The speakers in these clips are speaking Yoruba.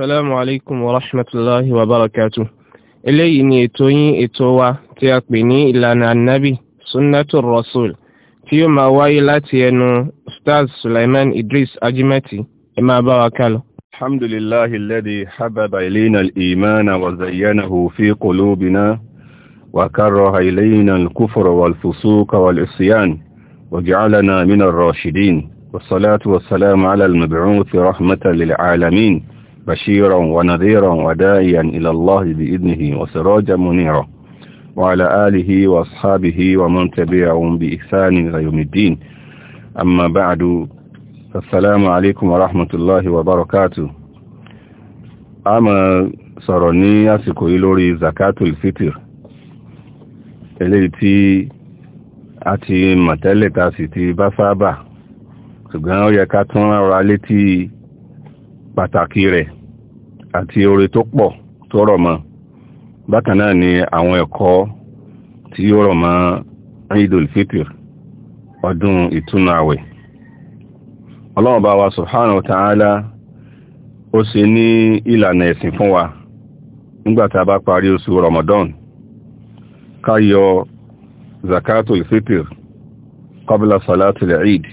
Assalamu alaikum wa rahmatullahi wa barakatuh. Eléyìí ni ètò yín ètò wa tí a pè ní ìlànà ànábì Sunnatul Rasul tí yóò máa wáyé láti ẹnu Ustaz Sulaiman Idris Ajimati. Ẹ máa bá wa kálọ. Alhamdulillahi alladhi hababa ilayna imana wa zayyanahu fi qulubina wa karraha ilayna al-kufra wal-fusuqa wal-isyan wa ja'alana min ar-rashidin. والصلاة والسلام على المبعوث رحمة للعالمين بشيرا ونذيرا وداعيا إلى الله بإذنه وسراجا منيرا وعلى آله وأصحابه ومن تبعهم بإحسان إلى يوم الدين أما بعد السلام عليكم ورحمة الله وبركاته أما sọ̀rọ̀ ní àsìkò yìí lórí zakatul fitr eléyìí tí a ti mọ̀ tẹ́lẹ̀ pàtàkì rẹ̀ àti oore tó pọ̀ tó rọ̀ mọ́ bákan náà ni àwọn ẹ̀kọ́ tí yóò rọ̀ mọ́ ọdún ìtúnu àwẹ̀ wa ta'ala ó ṣe ní ìlànà ẹ̀sìn fún wa nígbàtí bá parí oṣù yọ Zakato eid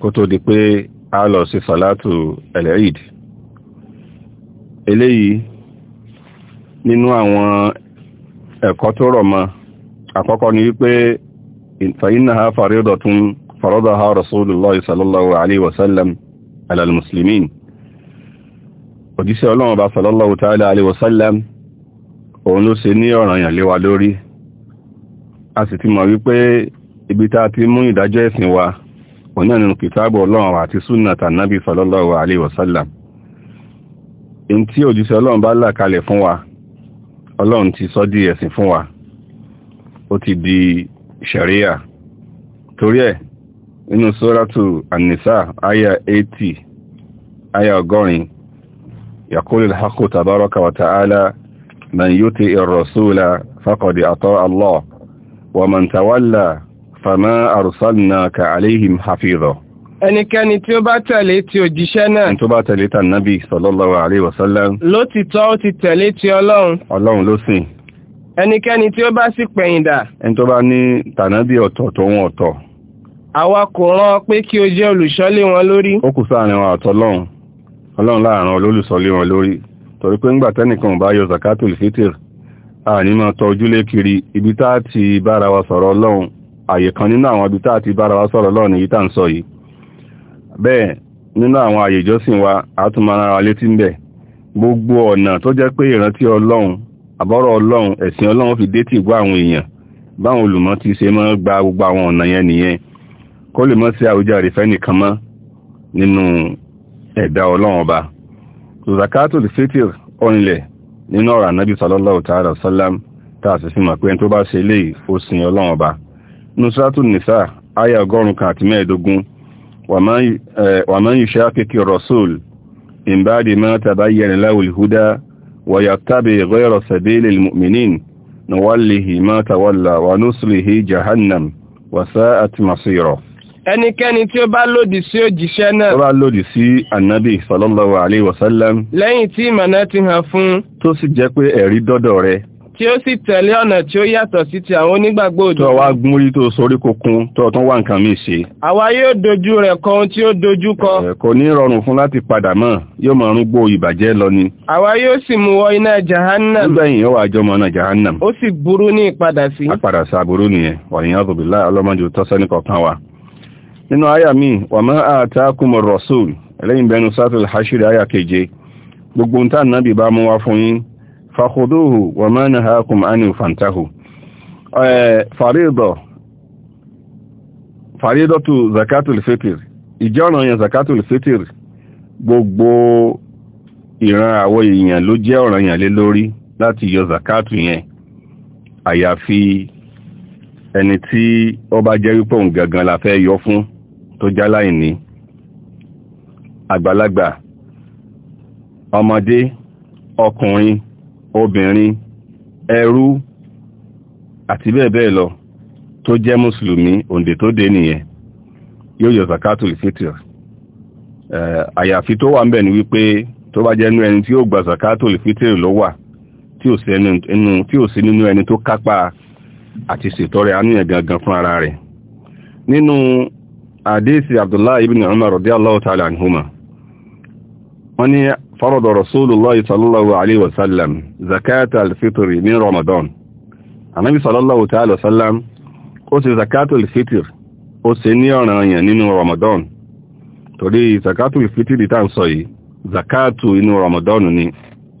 kó tó di pé a lọ sí eléyìí nínú àwọn ẹ̀kọ́ tó rọ̀ mọ́ àkọ́kọ́ ni wípé fàyínà ha fàrídọ̀ tún fàrọ́dọ̀ ha rasulullah sallallahu alaihi wasallam alal muslimin òjíṣẹ́ ọlọ́run bá sallallahu ta'ala alaihi wasallam òun ló ṣe ní ọ̀ranyàn lé wa lórí a sì ti mọ̀ wípé ibi tá a ti mú ìdájọ́ ẹ̀sìn wa òun náà nínú kìtàbù ọlọ́run àti súnà tànábì sallallahu alaihi wasallam in tí òjíṣẹ́ ọlọ́run bá là kalẹ̀ fún wa ọlọ́run ti sọ di ẹ̀sìn fún wa ó ti di ṣẹ̀ríyà torí ẹ̀ nínú sóràtù ànìsá àyà 80 àyà ọgọ́rin yàkólè hakó tàbárọ́kà wàtàálà man yuti ìrọ̀súlà faqadi atọ́ allah wa man tawalla fama arsalnaka alaihim hafidha ẹnikẹ́ni tí ó bá tẹ̀lé ti òjíṣẹ́ náà. ẹni tó bá tẹ̀lé tà nábì sallallahu alaihi wasallam. lótìtọ́ ó ti tẹ̀lé ti ọlọ́run. ọlọ́run ló sìn. ẹnikẹ́ni tí ó bá sì pẹ̀yìndà. ẹni tó bá ní tànábì ọ̀tọ̀ tó ń ọ̀tọ̀. àwa kò rán ọ pé kí o jẹ́ olùṣọ́lé wọn lórí. ó kù sáàrin wọn àtọlọ́run ọlọ́run láàrin olólùṣọ́lé wọn lórí torí pé ńgbà tẹ́nìkan bá yọ zakatul fitr àní máa tọ ojúlé kiri ibi tá a ti bára wa sọ̀rọ̀ ọlọ́run àyè bẹ́ẹ̀ nínú àwọn àyè wa àtúmọ̀ra létí ń bẹ̀ gbogbo ọ̀nà tó jẹ́ pé ìrántí ọlọ́run àbọ̀rọ̀ ọlọ́run ẹ̀sìn ọlọ́run fi dé tìgbọ́ àwọn èèyàn báwọn olùmọ̀ ti ṣe mọ́ gba gbogbo àwọn ọ̀nà yẹn nìyẹn kó lè mọ́ sí àwùjáre fẹ́ nìkan mọ́ nínú ẹ̀dá ọlọ́run ọba zakatul fitr ọ̀nlẹ̀ nínú ọ̀rọ̀ ànábì sallallahu ta'ala sallam tààsì sí mọ̀ pé ẹni tó bá ṣe léyìí ó sin ọlọ́run ọba nusratu nisa aya ọgọ́rùn-ún kan àti mẹ́ẹ̀ẹ́dógún ومن يشاكك الرسول من بعد ما تبين له الهدى ويتبع غير سبيل المؤمنين نوله ما تولى ونصله جهنم وساءت مصيره ẹnikẹ́ni tí ó bá lòdì sí òjíṣẹ́ náà. ó bá lòdì sí ànábì sallallahu alaihi wasallam. lẹ́yìn tí ìmọ̀nà ti hàn fún. tó sì jẹ́ pé ẹ̀rí dọ́dọ̀ rẹ̀ tí ó sì tẹ̀lé ọ̀nà tí ó yàtọ̀ sí ti àwọn onígbàgbọ́ òdodo. tó wá gún orí tó sorí kokun tó tún wá nǹkan míì ṣe. àwa yóò dojú rẹ̀ kọ ohun tí ó dojú kọ. kò ní rọrùn fún láti padà mọ́ yóò máa rúgbó ìbàjẹ́ lọ ni. àwa yóò sì mú wọ iná jahannam. nígbà yìí yóò wá jọ mọ́ iná jahannam. ó sì burú ní ìpadà sí. a padà burú nìyẹn wàyíyàn tó mi wàmọ́ àtàkùn rọ̀ṣùl ẹlẹ́yìn bẹnu sátìl hashir àyà keje gbogbo ń tà bá mú wá fún yín fàkùdóhù wà máa ní haakùn ánì fàntahù fàrídọ̀tù zakatul fitr ìjọ́nà yẹn zakatul fitr gbogbo ìran àwọn èèyàn ló jẹ́ ọ̀ranyàn lé lórí láti yọ zakatu yẹn àyàfi ẹni tí ó bá jẹ́ wípé òun gangan la fẹ́ yọ fún tó jáláìní àgbàlagbà ọmọdé ọkùnrin obìnrin ẹrú àti bẹ́ẹ̀ bẹ́ẹ̀ lọ tó jẹ́ mùsùlùmí òǹdè tó dé nìyẹn yóò yọ zakatul fitr àyàfi tó wà ń bẹ̀ ni wípé tó bá jẹ́ nú ẹni tí ó gba zakatul fitr ló wà tí ò sí nínú ẹni tó kápá àti ṣètọrẹ àánú yẹn gangan fún ara rẹ̀ nínú àdéhìsì abdullahi ibn umar radiyallahu ta'ala anhuma wọ́n ní فرض رسول الله صلى الله عليه وسلم زكاة الفطر من رمضان النبي صلى الله تعالى وسلم أسي زكاة الفطر أسي نيانا ينين رمضان torí zakatu ìfitiri tá ń sọ yìí zakatu inú ramadan ni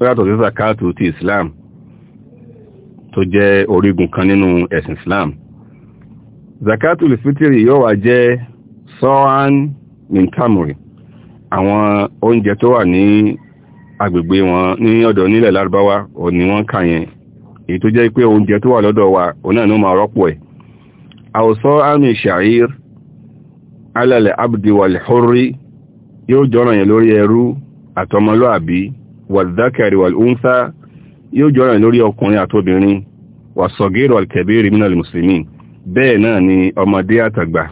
ó yàtọ̀ sí zakatu ti islam tó jẹ́ orígun kan nínú ẹ̀sìn islam zakatu ìfitiri yóò wá jẹ́ sọ́án mintamuri àwọn oúnjẹ tó wà ní agbègbè wọn ní ọ̀dọ̀ nílẹ̀ lárúbáwá ò ní wọ́n kà yẹn èyí tó jẹ́ pé oúnjẹ tó wà lọ́dọ̀ wa òun náà ní ó máa rọ́pò ẹ̀ àwòsọ àmì ṣàír alẹ́lẹ̀ abdi wàlẹ̀ hórí yóò jọ́ràn yẹn lórí ẹrú àtọmọlúàbí wàldákẹ̀rì wàlúńsá yóò jọ́ràn lórí ọkùnrin àtobìnrin wàsọ̀gẹ́rọ̀ alkẹ̀bẹ́rì mínàlì mùsùlùmí bẹ́ẹ̀ náà ni ọmọdé àtàgbà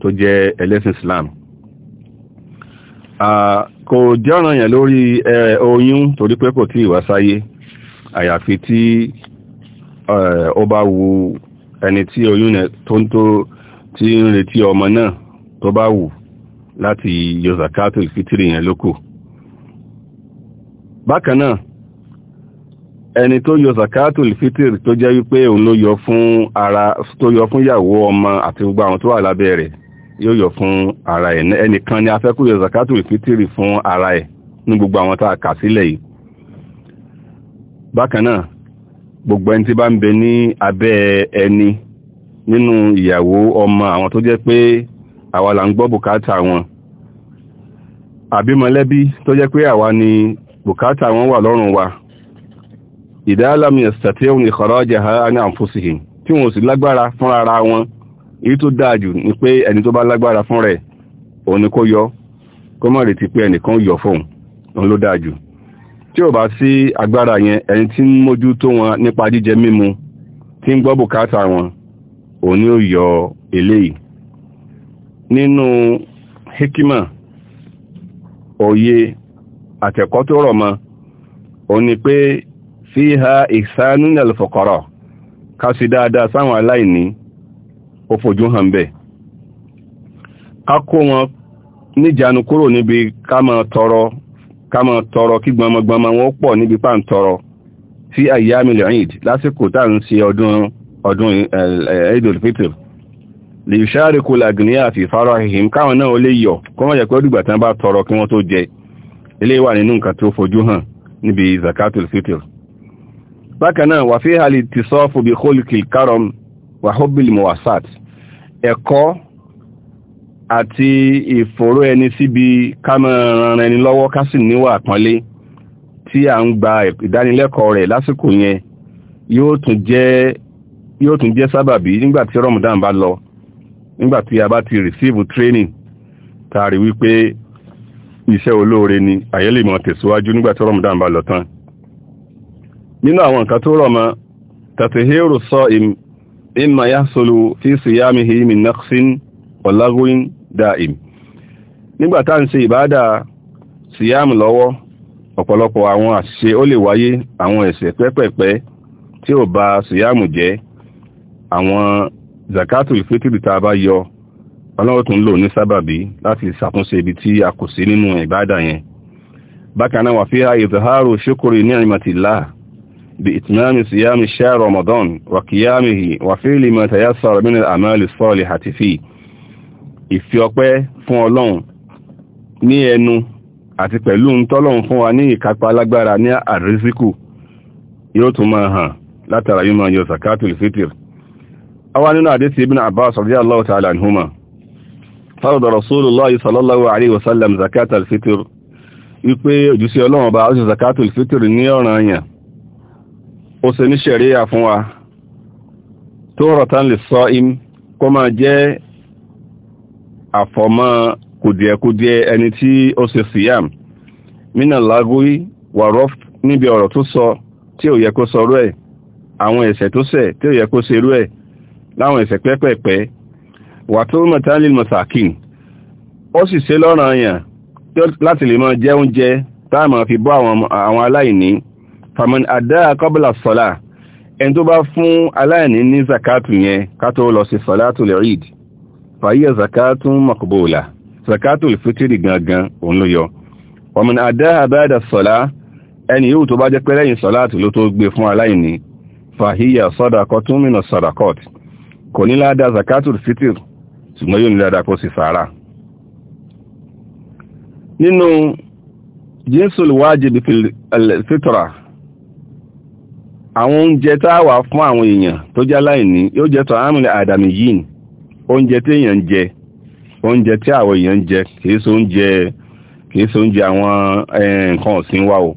tó jẹ́ ẹlẹ́sìn islam ah, kò jọ́ràn yàn lórí oyún torí pé kò tí ìwá sáyé àyàfi tí ó bá wu ẹni tí oyún tó ń tó tí ń retí ọmọ náà tó bá wù láti yọ ìfitiri yẹn lókù bákan ẹni tó yọ zakato ìfitiri tó jẹ́ wípé òun ló yọ fún ara tó yọ fún ìyàwó ọmọ àti gbogbo àwọn tó wà lábẹ́ rẹ̀ yóò yọ fún ara ẹ̀ ẹnìkan ni a fẹ́ kó yọ zakatul fitiri fún ara ẹ̀ ní gbogbo àwọn tá a kà sílẹ̀ yìí bákan náà gbogbo ẹni tí bá ń bẹ ní abẹ́ ẹni nínú ìyàwó ọmọ àwọn tó jẹ́ pé àwa là ń gbọ́ bùkátà wọn àbí tó jẹ́ pé àwa ni bùkátà wọn wà lọ́rùn wa ìdáàlámi ẹ̀sẹ̀tí òun ìkọ̀rọ̀ ọjà ní àǹfóṣìhìn tí wọn ò sì lágbára fúnra ara wọn èyí tó dáa jù pé ẹni tó bá lágbára fún rẹ̀ òun ni kó yọ kó má retí pé yọ fóun òun ló dáa jù tí ò bá sí agbára yẹn ẹni tí ń tó wọn nípa jíjẹ mímu tí ń gbọ́ bùkátà wọn òun ni yọ eléyìí nínú hikima òye àtẹ̀kọ́ tó rọ̀ mọ́ òun ni pé ká dáadáa sáwọn aláìní ká kó wọn níjànú kúrò níbi ká tọrọ kí gbọmọgbọmọ wọn pọ̀ níbi pà ń tọrọ sí eid lásìkò tá ń ọdún ọdún Fitr lè ṣáàríkù làgìníyà àti farahihim káwọn náà lè yọ kọ́ mọ́ jẹ́ pé ọdúgbà bá tọrọ kí wọ́n tó jẹ ilé wà nínú nǹkan tó fojú hàn níbi zakatul fitr bákan náà ti kólìkì àti ìfòró ẹni síbi bi ẹni lọ́wọ́ ká sì níwà àpọ́nlé tí a ń gba ìdánilẹ́kọ̀ọ́ rẹ̀ lásìkò yẹn yóò tún jẹ́ yóò tún jẹ́ sábàbí nígbàtí Ramadan bá lọ nígbàtí a bá ti receive training tààrí wípé iṣẹ́ olóore ni àyẹ́lè mọ̀ tẹ̀síwájú nígbàtí Ramadan bá lọ tán nínú àwọn nǹkan tó rọ̀ mọ́ tàtẹ̀hẹ́rù sọ im imma yahsulu fi siyamihi min naqsin wa lagwin dáìm nígbà tá à ń ṣe ìbáàdà síyáàmù lọ́wọ́ ọ̀pọ̀lọpọ̀ àwọn àṣìṣe ó lè wáyé àwọn ẹ̀ṣẹ̀ pẹ́pẹ̀pẹ́ tí ò bà síyáàmù jẹ́ àwọn zakatul fitri tá a bá yọ ọlọ́run tún lò ní sábàbí láti ṣàtúnṣe ibi tí a kò sí nínú ìbáàdà yẹn bákan náà wà fi ha ìzàhárò ṣukuri ní àìmọ̀tìlá bí ìtìmáàmì síyáàmì ṣẹ́ ramadan wà kíyáàmì wà fíìlì mọ̀tàyásọ̀rọ̀ mínú àmàlì sọ́ọ̀lì àti ìfi ọpẹ́ fún ọlọ́run ní ẹnu àti pẹ̀lú ń tọ́lọ́run fún wa ní ìkápá alágbára ní àrísíkù yóò tún máa hàn látara yíò máa yọ zakatul fitr awa nínú àdísì ibn abbas radiyallahu ta'ala anhuma farada rasulullah sallallahu alaihi wasallam zakatul fitr wípé òjúsí ọlọ́run bá ọjọ́ zakatul fitr ní ọ̀ràn àyàn ó ṣe ní ṣẹ̀ríyà fún wa tó rọ̀tán lè sọ im kó máa jẹ́ àfọ̀mọ́ kùdìẹ̀kùdìẹ̀ ẹni tí ó ṣe síyàm mínà lágúí wàrọ́f níbi ọ̀rọ̀ tó sọ tí ò yẹ kó sọrú ẹ̀ àwọn ẹ̀ṣẹ̀ tó ṣẹ̀ tí ò yẹ kó ṣerú ẹ̀ láwọn ẹ̀ṣẹ̀ pẹ́pẹ̀pẹ́ wà tó mọ̀tálì mọ̀sàkìn ó sì ṣe lọ́ràn yàn láti lè máa jẹ oúnjẹ táàmà fi bọ́ àwọn aláìní faman adá kọ́bùlà sọ́lá ẹni tó bá fún aláìní ní zakatu yẹn ká tó lọ sí sọ́lá tó lè rídìí fàyíyà zakatun makbola zakatul fitiri gangan òun ló yọ ọmọ adáhà bá dà sọ́lá ẹni yóò tó bá jẹ́ pé lẹ́yìn sọ́láàtì ló tó gbé fún aláìní fàhíyà sọ́dàkọ́ tún mìnà sọ́dàkọ́t kò ní ládá zakatul fitr ṣùgbọ́n yóò ní ládá kó sì sàárà nínú jinsul wajib fitra àwọn oúnjẹ táwà fún àwọn èèyàn tó jẹ́ aláìní yóò jẹ́ tọ́ àmìlẹ̀ àdàmì yìí oúnjẹ tí èèyàn ń jẹ oúnjẹ tí àwọn èèyàn ń jẹ kìí ṣe oúnjẹ kìí ṣe oúnjẹ àwọn nǹkan ọ̀sìn wa o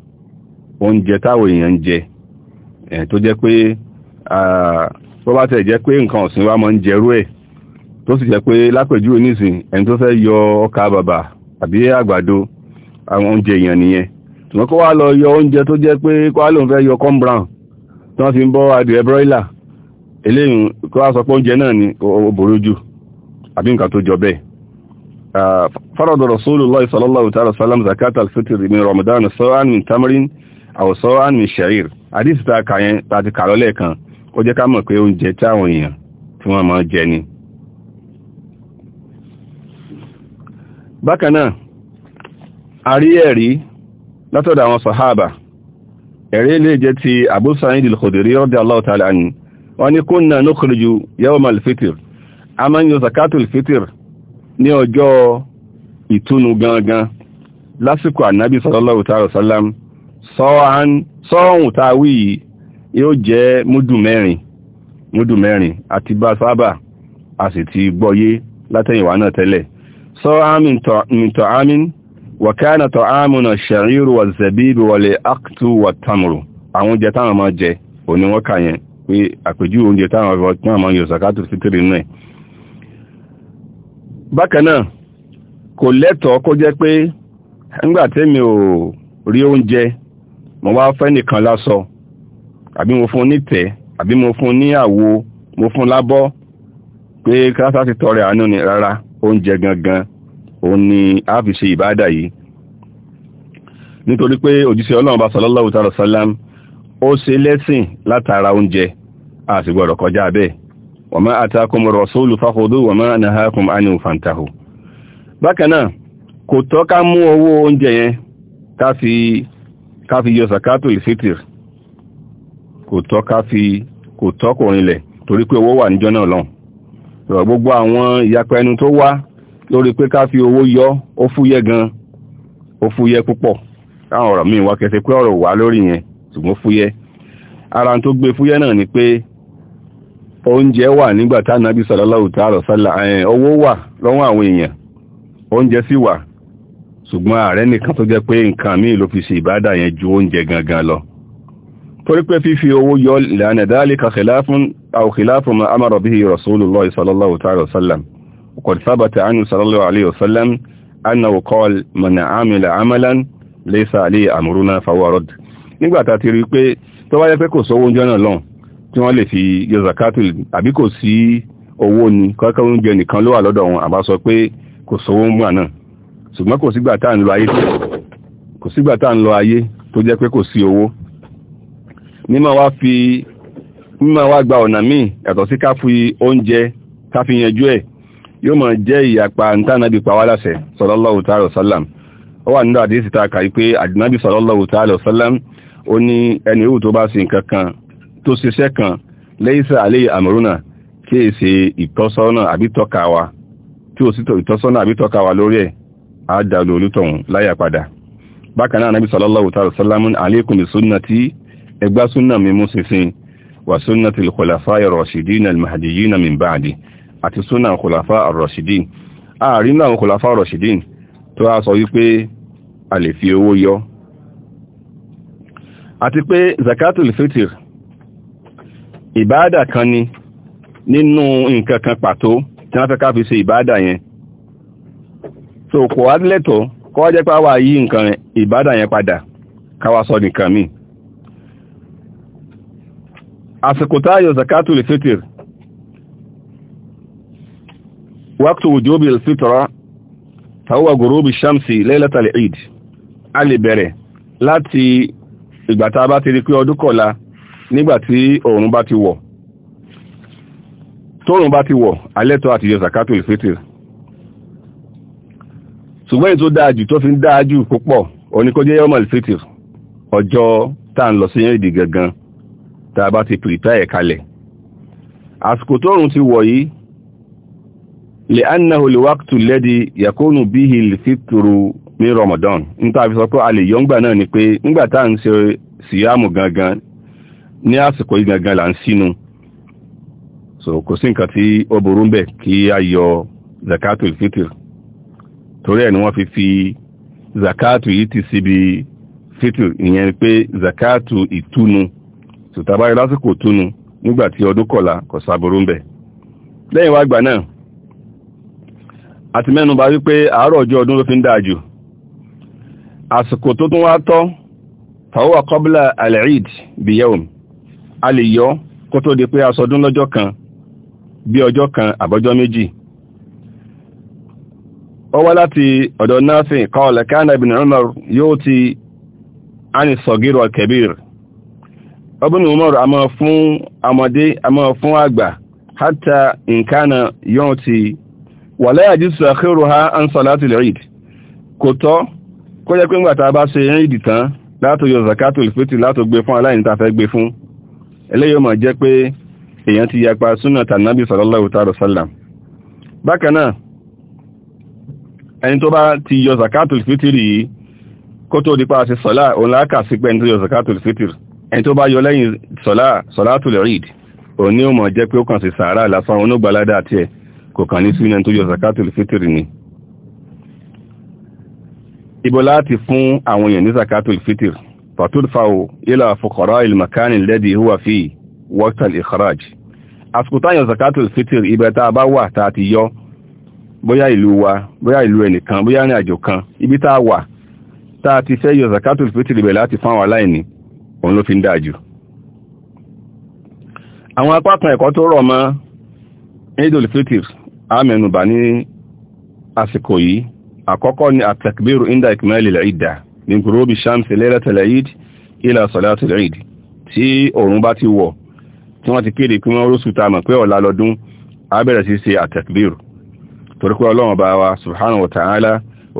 oúnjẹ táwọn èèyàn ń jẹ tó jẹ́ pé tó bá tẹ̀ jẹ́ pé nǹkan ọ̀sìn wa máa ń jẹrú ẹ̀ tó sì jẹ́ pé lápèjúwe nísìn ẹni tó fẹ́ yọ ọkà bàbà àbí àgbàdo àwọn oúnjẹ èèyàn nìyẹn ṣùgbọ́n kó wá lọ yọ oúnjẹ tó jẹ́ pé kó wá lóun fẹ́ yọ corn tí wọ́n fi ń bọ́ adìẹ broiler eléyìn kó wá sọ pé oúnjẹ náà ni obòrò jù àbí nǹkan tó jọ bẹ́ẹ̀ farada Rasulullah sallallahu ta'ala sallam zakat al-fitr min Ramadan sa'an min tamarin aw sa'an min sha'ir hadith ta kà yẹn ta ti kà lọ́lẹ̀ kan ó jẹ́ ká mọ̀ pé oúnjẹ táwọn èèyàn tí wọ́n máa jẹ ni bákan náà a rí ẹ̀rí látọ̀dọ̀ àwọn sàhábà ẹ̀rí lè jẹ́ ti Abu Sa'id al-Khudri radiyallahu ta'ala anhu wọ́n ní kunna nukhriju yawm al-fitr a máa ń yọ zakatul fitr ní ọjọ́ ìtúnu gangan lásìkò ànábì sallallahu ta'ala sallam sọ́ọ̀hún tàwí yóò jẹ́ múdù mẹ́rin múdù mẹ́rin àti bá sábà a sì ti gbọ́yé látẹ̀yìnwá náà amin wàkánà tọ̀ ámùnà ṣàríru wà zẹ̀bíbi wọlé aktu wà tamuru àwọn jẹ táwọn máa jẹ òní yẹn pé àpèjú oúnjẹ táwọn ọ̀rọ̀ tí wọ́n yóò sàkátù sí tèrè kò lẹ́tọ̀ọ́ kó jẹ́ pé nígbà mi ò rí oúnjẹ mo wá fẹ́ nìkan lásọ àbí mo fún ní àbí mo fún ní àwo mo fún lábọ́ pé kásá ti tọrẹ àánú rárá oúnjẹ gangan òun ni a fi ṣe yìí nítorí pé òjíṣẹ́ ọlọ́run bá ó se lẹ́sìn látara oúnjẹ a sì gbọ́dọ̀ kọjá bẹ́ẹ̀ wa ma atakum rasulu fakhudhu wa ma fantahu bákan náà kò tọ́ ká mú owó oúnjẹ yẹn ká fi yọ zakatul kò tọ́ kò tọ́ kò rinlẹ̀ torí pé owó wà níjọ́ náà gbogbo àwọn ìyapa ẹnu tó wá lórí pé ka fi owó yọ ó fúyẹ́ gan ó fúyẹ́ púpọ̀ káwọn ọ̀rọ̀ míì wá kẹsẹ̀ pé ọ̀rọ̀ wà lórí yẹn ṣùgbọ́n fúyẹ́ ara tó gbé fúyẹ́ náà ni pé oúnjẹ wà nígbà tá nàbí sallallahu ta'ala sálà owó wà lọ́wọ́ àwọn èèyàn oúnjẹ sì wà ṣùgbọ́n ààrẹ nìkan tó jẹ́ pé nǹkan míì ló fi ṣe ìbádà yẹn ju oúnjẹ gangan lọ torí pé fífi owó yọ lẹ́nà dhalika khilafun aw khilafu ma amara nigbata ti rí pé tó bá yẹ pé kò sówó oúnjẹ náà lọ́hùn tí wọ́n lè fi yọ zakato àbí kò sí owó ni kọ́kọ́ oúnjẹ nìkan ló wà lọ́dọ̀ wọn àbá sọ pé kò sówó ń gbà ṣùgbọ́n kò sígbà tá à ń lọ ayé kò sígbà tá gba ọ̀nà míì yàtọ̀ sí ká fi oúnjẹ ká fi yanjú ẹ̀ yóò máa jẹ́ ìyapa ntánàbí pàwálàṣẹ sallallahu ta'ala ó wà nínú àdéhìsì tá a kà yí ó ní ẹni òwú tó bá ṣe nǹkan kan tó ṣiṣẹ́ kan lẹ́yìnsá àlẹ́ àmọ́rúnà kí è ṣe ìtọ́sọ́nà àbí tọ́ka wa tí ó sì ìtọ́sọ́nà àbí tọ́ka wa lórí ẹ̀ á dàlú olútọ̀hún láyà padà bákan nàbí sallallahu ta'ala sunnati ẹgbá súnà mi mú ṣinṣin wà súnà tí kòlàfà ar-rashidin al-mahdiyyin min ba'di àti fi owó yọ àti pé zakatul fitr ìbáàdà kan ni nínú nǹkan kan pàtó tí wọ́n fẹ́ ká fi ṣe ìbáàdà yẹn so kò wá lẹ́tọ̀ kó wá jẹ́ pé àwa yí nǹkan ìbáàdà yẹn padà káwa sọ nìkan míì àsìkò táyọ zakatul fitr waqtu wujubi al-fitra huwa ghurubi shamsi laylatal eid a lè bẹ̀rẹ̀ láti ìgbà tá a bá ti rí pé ọdún kọ̀la nígbà tí oòrùn bá ti wọ̀ tóòrùn bá ti wọ̀ alẹ́tọ́ àti yọ zakatul fitr ṣùgbọ́n èyí tó dáájú tó fi ń dáájú púpọ̀ òní kó jẹ́ yọmọl fitr ọjọ́ tá à ń lọ sí ìdí gangan tá a bá ti prepare ẹ̀ kalẹ̀ àsìkò tóòrùn ti wọ̀ yìí lè annahu lè wákùtù lẹ́di yakónù bíhì fitru ní Ramadan níta fi sọ pé a lè yọ ńgbà náà ni pé ńgbà tá à ń ṣe síyáàmù gangan ní àsìkò yìí gangan là ń sínú so kò sí nǹkan tí ó burú ń bẹ̀ kí a yọ zakatul fitr torí ẹ̀ ni wọ́n fi fi zakatu yìí ti síbi fitr ìyẹn pé zakatu ìtúnu tòtàbáyé lásìkò túnu nígbàtí ọdún kọ̀lá kò sáburú ń bẹ̀ lẹ́yìn wá gbà náà àti mẹ́nu wípé àárọ̀ ọjọ́ ọdún ló fi ń dáa jù àsìkò tó tún wá tọ́ fàwọ́ àkọ́bílà al-Eid biyawm a lè yọ kó tó di pé a sọdún lọ́jọ́ kan bí ọjọ́ kan àbọ́jọ́ méjì ó wá láti ọ̀dọ̀ Nafi qala kana ibn Umar yóò ti ani sọ̀gírò al-kabir ọbùn Umar a kò tọ́ kó jẹ́ pé ńgbà tá a bá ṣe ìdì tán látò yọ zakato ìfẹ́tì látò gbé fún aláìní tá fẹ́ gbé fún eléyìí mọ̀ jẹ́ pé èèyàn ti yapa súnà tànàbí sallallahu ta'ala sallam bákan náà ẹni tó bá ti yọ zakato ìfẹ́tì rí kó tó di pàṣẹ sọ́lá òun láàkà sí pé kò kàn ní súnà tó yọ zakato ìfẹ́tì ni ibo láti fún àwọn èèyàn ní zakatul fitr fatudfa'u ila fuqara al-makan alladhi huwa fi waqt al-ikhraj àsìkò táyàn zakatul fitr ibẹ̀ tá a bá wà tá a ti yọ bóyá ìlú wa bóyá ìlú ẹnìkan bóyá ní àjò kan ibi tá a wà tá a ti fẹ́ yọ zakatul fitr ibẹ̀ láti fún àwọn aláìní òun ló fi ń dáa jù àwọn apá kan ẹ̀kọ́ tó rọ̀ mọ́ idul fitr a ní àsìkò yìí àkọ́kọ́ ni àtàkbírù inda ikmali al-idda min ghurubi shamsi laylat al-eid ila salatu al-eid tí òòrùn bá ti wọ̀ tí wọ́n ti kéde kí wọ́n rúsù ta mọ̀ pé ọ̀la lọ́dún á bẹ̀rẹ̀ sí ṣe àtàkbírù torí pé ọlọ́run bá wa subhanahu wa ta'ala ó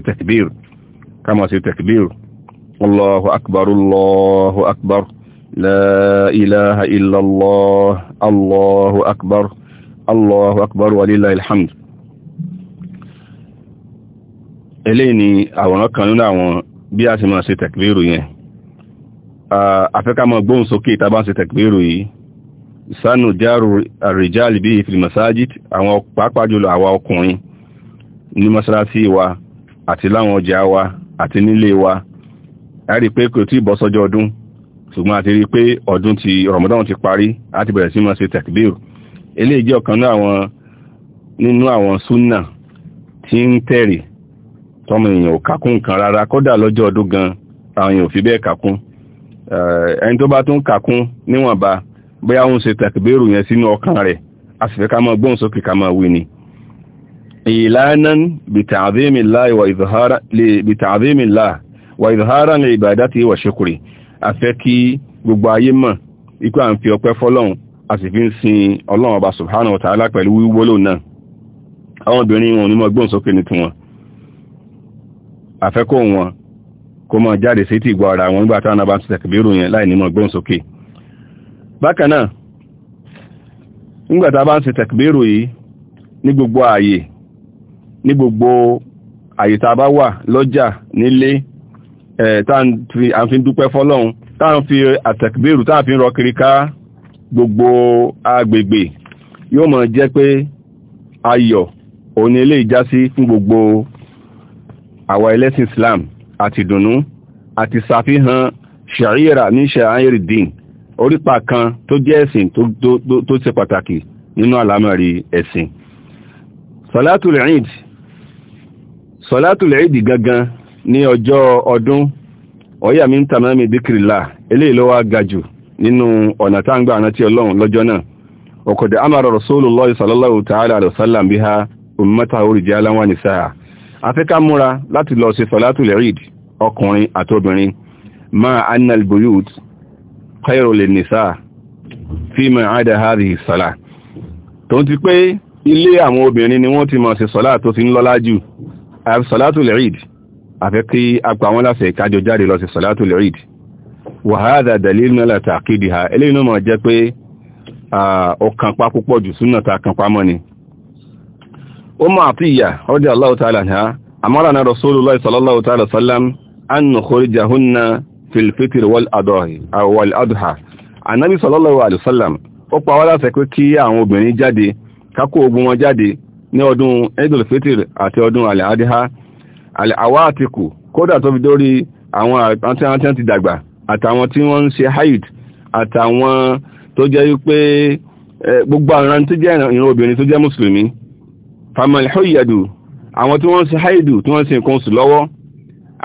takbir kámọ̀ sí takbir الله أكبر الله أكبر لا إله إلا الله الله أكبر الله أكبر ولله الحمد eléyìí ni àwòrán kan nínú àwọn bí a ṣe máa ṣe tẹ̀kìbìrù yẹn afẹ́ká mọ́ gbóhùn sókè ìtàbá ṣe tẹ̀kìbìrù yìí sánù járù àrìjáàlì bí ìfìlì masajid àwọn pàápàá jùlọ àwa ọkùnrin ní mọ́sálásí wa àti láwọn ọjà wa àti nílé wa a rí pé kò tí bọ́ sọ́jọ́ ọdún ṣùgbọ́n a ti rí pé ọdún ti Ramadan ti parí a ti bẹ̀rẹ̀ sí máa ṣe takbir eléyìí jẹ́ ọ̀kan nínú àwọn súnà tí ń tẹ̀rì tọmọ èèyàn ò kàkún nǹkan rárá kódà lọ́jọ́ ọdún gan àwọn èèyàn ò fi bẹ́ẹ̀ kàkún eh, ẹni tó bá tún kàkún níwọ̀nba bóyá òun ṣe takbiru yẹn sínú ọkàn rẹ̀ a sì fẹ́ ká máa gbóhùn sókè ká máa wí ni ìlànà bìtàdémìlá ìwà ìzọ̀hárá bìtàdémìlá wà ìdọ̀hárà ní ìbàdá ti wà ṣekùrì a kí gbogbo ayé mọ̀ ikú à ń fi ọpẹ́ a sì fi ń sin ọlọ́run ọba subhanahu wa pẹ̀lú náà àwọn obìnrin wọn ní mọ́ gbọ́n ní tiwọn wọn kó mọ́ jáde sí ti ara wọn nígbà táwọn náà ń ti tẹ̀kìbírù yẹn láì tààfin dúpẹ́ fọ́lọ́run tààfin àtẹ̀kbèrú tààfin rọ kiri ká gbogbo agbègbè yóò mọ̀ jẹ́ pé ayọ̀ òní ilé ìjásí fún gbogbo àwa ẹlẹ́sìn Islam àti ìdùnnú àti ṣàfihàn ṣàríyàrá ní ṣàáyẹ̀rì dín orípa kan tó jẹ́ ẹ̀sìn tó ṣe pàtàkì nínú àlámọ̀rí ẹ̀sìn sọlátùlẹ̀ ìdì gangan ní ọjọ́ ọdún ọ̀yà mi ń tàmà mi díkìrìlá eléyìí ló wá ga jù nínú ọ̀nà tá ń gbà rántí ọlọ́run lọ́jọ́ náà ọ̀kọ̀dẹ̀ amara rasulullah sallallahu ta'ala alaihi wasallam biha afẹ́ká múra láti lọ sí salatul eid ọkùnrin àtobìnrin ma annal buyut khairu lin nisaa fi ada hadhihi salah tó ti pé ilé ni àfẹ́ kí apá wọn láṣẹ ìkájọ jáde lọ sí sọ̀látù lẹ́rìd wàhádà dalil mẹ́lá tàkìdì ha eléyìí náà jẹ́ pé ọkàn pa púpọ̀ jù súnà ta kan pamọ́ ni ó mọ̀ àti ìyà ọdí aláwọ̀ tààlà ha àmọ́ra na rasulullah sallallahu ta'ala sallam an nukhrija hunna fil fitr wal adhi wal adha anabi sallallahu alaihi wasallam ó pa wá láṣẹ pé kí àwọn obìnrin jáde àwá àtìkù kódà tó fi dórí àwọn àti ti dàgbà àtàwọn tí wọ́n ń ṣe haid àtàwọn tó jẹ́ wípé gbogbo àwọn tó jẹ́ ìran obìnrin tó jẹ́ mùsùlùmí famal hoyadu àwọn tí wọ́n ń ṣe haidu tí wọ́n ń ṣe nǹkan oṣù lọ́wọ́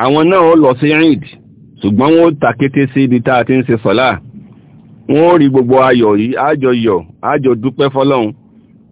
àwọn náà ó lọ sí eid ṣùgbọ́n wọ́n ta kété sí ibi tá a ti ń ṣe sọ́lá wọ́n rí gbogbo ayọ̀ yìí àjọ àjọ dúpẹ́ fọ́lọ́run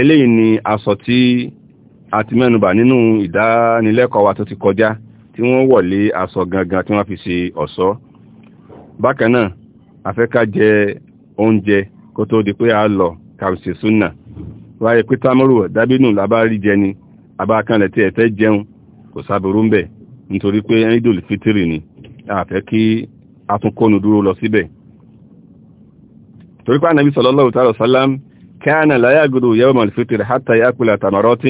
eléyìí ni aṣọ tí a ti mẹ́nubà nínú ìdánilẹ́kọ̀ọ́ wa tó ti kọjá tí wọ́n wọ̀lé aṣọ gangan tí wọ́n fi ṣe ọ̀ṣọ́ bákan náà afẹ́ká jẹ oúnjẹ kó tó di pé a lọ kàrùsì súnà wáyé pé támọ́rù dábínú lábá rí jẹ ni abákanlẹ̀ tí ẹ fẹ́ jẹun kò sáburú ń bẹ̀ nítorí pé ẹ̀rídòlù fítìrì ni àfẹ́ kí tún atúnkónu dúró lọ síbẹ̀ torípé ànàbí sallallahu ta'ala sallam كان لا yagudu يوم الفطر حتى يأكل تمرات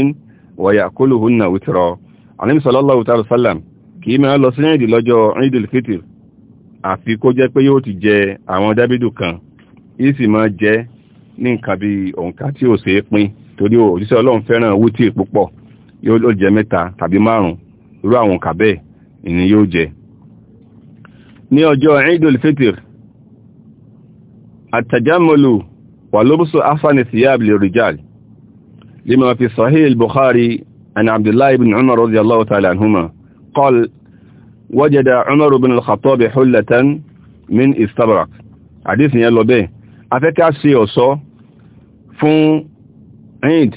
ويأكلهن yakuluhunna witra alim sallallahu ta'ala sallam kì ma lọ sin idi lọ́jọ́ idil fitr àfi kó jẹ́ pé yó ti jẹ àwọn dábìdù kan isi ma jẹ ní nǹkan bí òǹkà tí ó ṣe pín torí òjíṣẹ́ Ọlọ́run fẹ́ràn wuti púpọ̀ yó jẹ mẹ́ta tàbí márùn irú àwọn ka bẹ́ẹ̀ ni yó jẹ ní ọjọ́ idil fitr atajamulu ولبس أحسن الثياب للرجال لما في صحيح البخاري عن عبد الله بن عمر رضي الله تعالى عنهما قال وجد عمر بن الخطاب حلة من استبرق حديث يلو به أفكا سيوسو فون عيد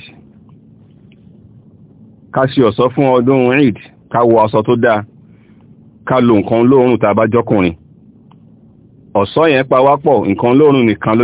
ká sí ọ̀sọ́ fún ọdún eid ká wọ aṣọ tó dáa ká lo nǹkan lóòrùn tàbájọ́kùnrin ọ̀sọ́ yẹn pawápọ̀ nǹkan lóòrùn nìkan ló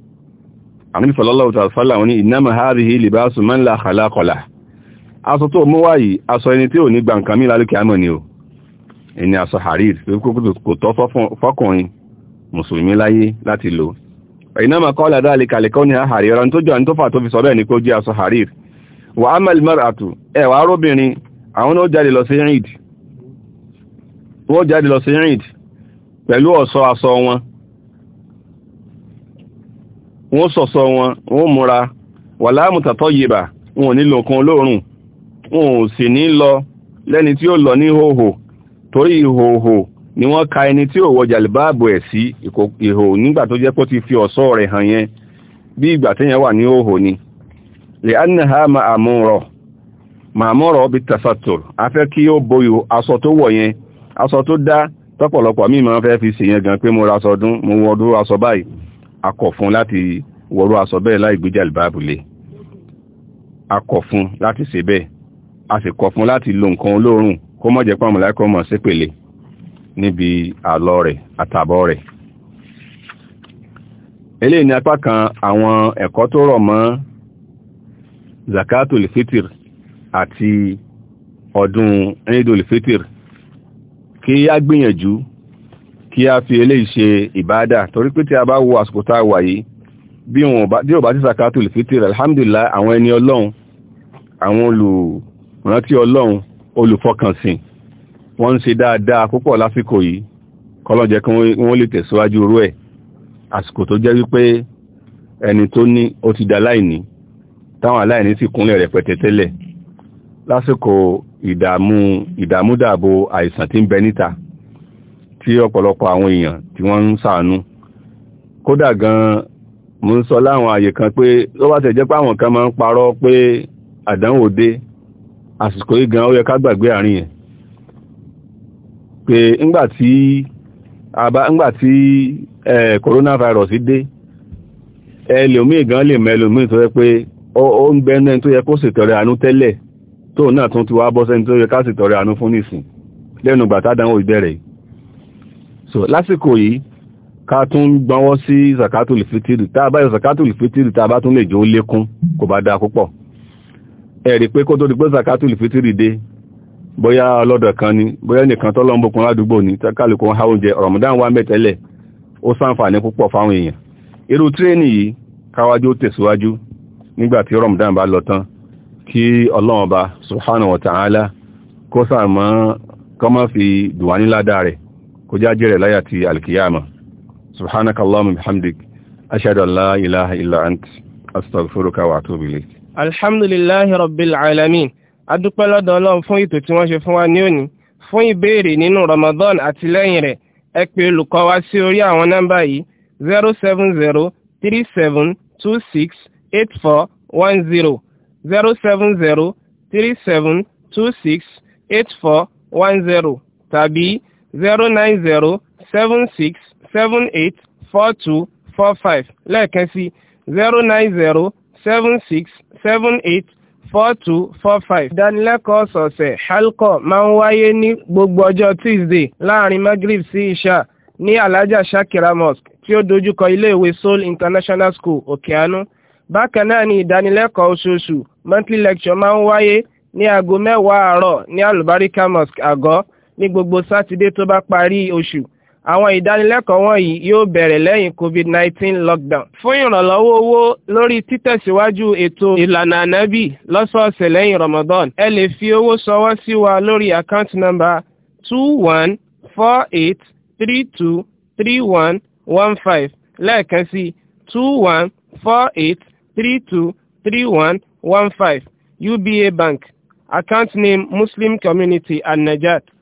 àníbi sọ̀lọ́lọ́wọ́ tàbí wọn ni ìnáma hábìhì libasu man la khalaqala aṣọ tó mú wáyì aṣọ ẹni tí ò ní gba nǹkan mí lálùkẹ́ àmọ́ ni o ẹni aṣọ harir kò tọ́ fọ́kùnrin mùsùlùmí láyé láti lò ìnáma kọ́lá dáàlì kàlẹ́kọ́ ní harir ọ̀rọ̀ tó jọ ní tó fà tó fi sọ bẹ́ẹ̀ ni kó pẹ̀lú ọ̀ṣọ́ aṣọ wọn wọ́n sọ̀sọ̀ wọn wọ́n múra wà láàmùtàtọ̀ yìbà wọn ò ní lò kan lóòrùn wọn ò sì ní lọ lẹ́ni tí ó lọ ní hòhò torí ìhòhò ni wọ́n ka ẹni tí ó wọ jàlìbáàbò ẹ̀ sí ìhò nígbà tó jẹ́ pé ti fi ọ̀ṣọ́ rẹ̀ hàn yẹn bí ìgbà tẹ́yẹn wà ní hòhò ni lè ánìhà máa mú rọ máa mú rọ bí tasatur a fẹ́ kí ó bo aṣọ tó wọ̀ yẹn aṣọ tó dá tọ́pọ̀lọpọ̀ míì máa fẹ́ fi ṣèyẹn gan pé mo ra aṣọ ọdún mo wọ́n dúró aṣọ báyìí akọ̀ fún láti wọ̀rọ̀ aṣọ bẹ́ẹ̀ láì gbéjà ìbábùlé akọ̀ fún láti ṣe bẹ́ẹ̀ a sì kọ̀ fún láti lo nǹkan olóòrùn kó mọ̀ jẹ́ pàmò láìkọ́ mọ̀ ṣépèlé níbi àlọ rẹ̀ àtàbọ̀ rẹ̀ eléyìí ni apá kan àwọn ẹ̀kọ́ tó rọ̀ mọ́ zakatul fitr àti ọdún eidul fitr kí a gbìyànjú kí a fi eléyìí ṣe ìbádà torí pé tí a bá wo àsìkò tá a wà yìí bí wọn bí ò bá ti sàkátù lè fi tèrè alhamdulillah àwọn ẹni ọlọ́run àwọn olùrántí ọlọ́run olùfọkànsìn wọ́n ń ṣe dáadáa púpọ̀ lásìkò yìí kọlọ́jẹ́ kí wọ́n lè tẹ̀síwájú orú ẹ̀ àsìkò tó jẹ́ wípé ẹni tó ní ó ti da láìní táwọn aláìní sì kúnlẹ̀ rẹpẹtẹ tẹ́lẹ̀ lásìkò ìdààmú ìdààmúdàbò àìsàn tí ń bẹ níta tí ọ̀pọ̀lọpọ̀ àwọn èèyàn tí wọ́n ń sàánú kódà gan-an mo ń sọ láwọn àyè kan pé ó bá tẹ̀ pé àwọn kan máa ń parọ́ pé àdánwò dé àsìkò yìí gan-an ó yẹ ká gbàgbé àárín yẹn pé ńgbà tí ńgbà tí dé ẹlòmíì gan lè tó yẹ pé ó ń tó yẹ kó ṣètọrẹ àánú tẹ́lẹ̀ tóun náà tún ti wá bọ́ sẹ́ni tó yẹ ká ṣètọrẹ fún lẹ́nu so lásìkò yìí ká tún gbọ́nwọ́ sí zakatul fitiri tá a bá yọ zakatul fitiri tá a bá tún lè jẹ́ ó lékún kò bá dáa púpọ̀ ẹ̀rí pé kó tó di pé zakatul fitiri dé bóyá ọlọ́dọ̀ kan ni bóyá nìkan tọ́lọ́ ń bókun ládùúgbò ní kálukú ń ha oúnjẹ Ramadan wà mẹ́tẹ́lẹ̀ ó ṣàǹfààní púpọ̀ fáwọn èèyàn irú tírẹ́nì yìí káwájú ó tẹ̀síwájú nígbàtí Ramadan bá lọ tán kí Ọlọ́run ọba subhanahu wa ta'ala kó sàmọ́ kọ́mọ́ fi dùwà níládà rẹ̀ kó já jẹ́rẹ̀ láyà ti alkiyama subhanakallahumma bihamdik ashhadu an la ilaha illa ant astaghfiruka wa atubu ilayk alhamdulillahi rabbil alamin adúpẹ́ lọ́dọ̀ ọlọ́run fún ètò tí wọ́n ṣe fún wa ní òní fún ìbéèrè nínú ramadan àti lẹ́yìn rẹ̀ ẹ pè olùkọ́ wa sí orí àwọn nọ́mbà yìí zero seven zero three seven two six eight four one zero zero seven zero three seven zero nine zero seven six seven eight four two four five lẹ́ẹ̀kan sí zero nine zero seven six seven eight four two four five. ìdánilẹ́kọ̀ọ́ ọ̀sọ̀ọ̀sẹ̀ halkọ máa ń wáyé ní gbogbo ọjọ́ tuesday láàrin magrib sí isha ní alhaja shakira mosque tí ó dojúkọ iléèwé seoul international school òkèánú bákan náà ni ìdánilẹ́kọ̀ọ́ oṣooṣù monthly lecture máa ń wáyé ní aago mẹ́wàá àárọ̀ ní alubarika mosque àgọ́ ní gbogbo sátidé tó bá parí oṣù àwọn ìdánilẹ́kọ̀ọ́ wọ̀nyí yóò bẹ̀rẹ̀ lẹ́yìn covid-19 lockdown. fún ìrànlọ́wọ́ owó lórí títẹ̀síwájú ètò ìlànà ànábì lọ́sọ̀ọ̀sẹ̀ lẹ́yìn ramadan ẹ lè fi owó ṣọwọ́ sí wa lórí account number two one four eight three two three one one five lẹ́ẹ̀kan sí two one four eight three two three one one five uba bank account name muslim community and najat.